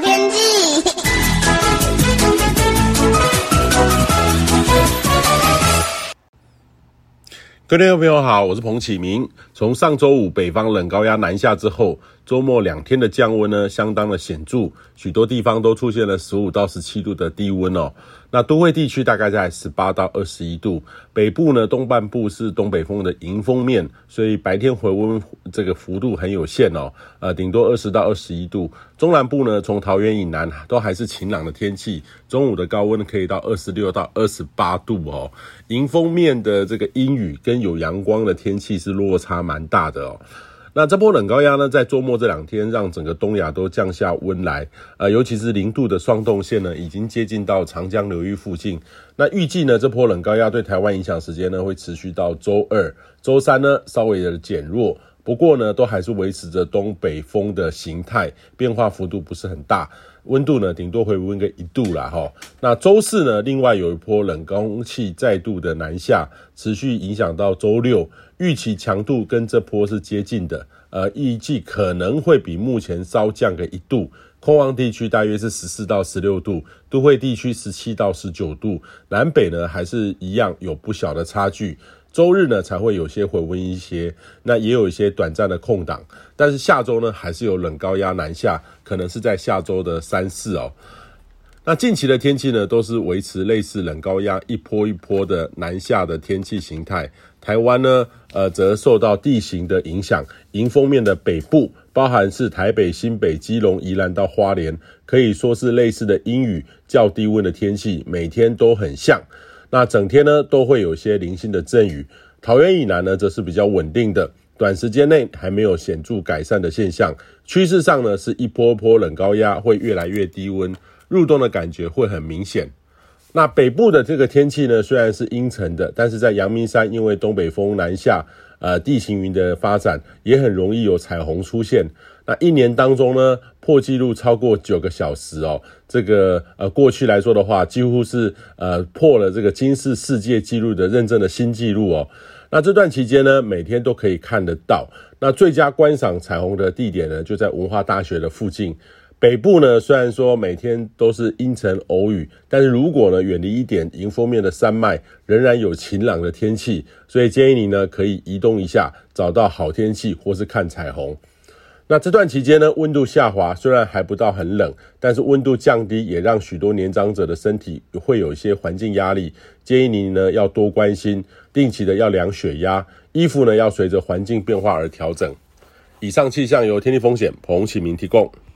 天氣。各位聽眾朋友好，我是彭啟明。從上周五北方冷高壓南下之後，周末兩天的降溫呢，相當的顯著，許多地方都出現了十五到十七度的低溫哦。那都會地區大概在十八到二十一度，北部呢，東半部是東北風的迎風面，所以白天回溫這個幅度很有限哦。呃，頂多二十到二十一度。中南部呢，從桃園以南都還是晴朗的天氣，中午的高溫可以到二十六到二十八度哦。迎風面的這個陰雨跟有陽光的天氣是落差蠻大的哦。那這波冷高壓呢，在周末這兩天讓整個東亞都降下溫來，啊、呃，尤其是零度的霜凍線呢，已經接近到長江流域附近。那預計呢，這波冷高壓對台灣影響時間呢，會持續到周二、周三呢，稍微的減弱。不過呢，都還是維持着東北風的形態，變化幅度不是很大。溫度呢，頂多回溫個一度啦，齁。那周四呢，另外有一波冷空氣再度的南下，持續影響到周六，預期強度跟這波是接近的，呃，預計可能會比目前稍降個一度。空曠地區大約是十四到十六度，都會地區十七到十九度，南北呢還是一樣有不小的差距。週日呢才會有些回溫一些，那也有一些短暫的空檔，但是下周呢還是有冷高壓南下，可能是在下周的三四哦。那近期的天氣呢都是維持類似冷高壓一波一波的南下的天氣形態，台灣呢呃則受到地形的影響，迎風面的北部，包含是台北、新北、基隆、宜蘭到花蓮，可以說是類似的陰雨、較低溫的天氣，每天都很像。那整天呢都會有些零星的陣雨，桃園以南呢則是比較穩定的，短時間內還沒有顯著改善的現象。趨勢上呢是一波波冷高壓，會越來越低溫，入冬的感覺會很明顯。那北部的這個天氣呢，雖然是陰沉的，但是在陽明山，因為東北風南下，呃，地形雲的發展也很容易有彩虹出現。那一年當中呢，破紀錄超過九個小時哦。這個呃，過去來說的話，幾乎是呃破了這個金氏世界紀錄的認證的新紀錄哦。那這段期間呢，每天都可以看得到。那最佳觀賞彩虹的地點呢，就在文化大學的附近。北部呢，雖然說每天都是陰沉偶雨，但是如果呢遠離一點迎風面的山脈，仍然有晴朗的天氣，所以建議你呢可以移動一下，找到好天氣或是看彩虹。那這段期間呢，溫度下滑，雖然還不到很冷，但是溫度降低也讓許多年長者的身體會有一些環境壓力，建議你呢要多關心，定期的要量血壓，衣服呢要隨着環境變化而調整。以上氣象由天氣風險彭啟明提供。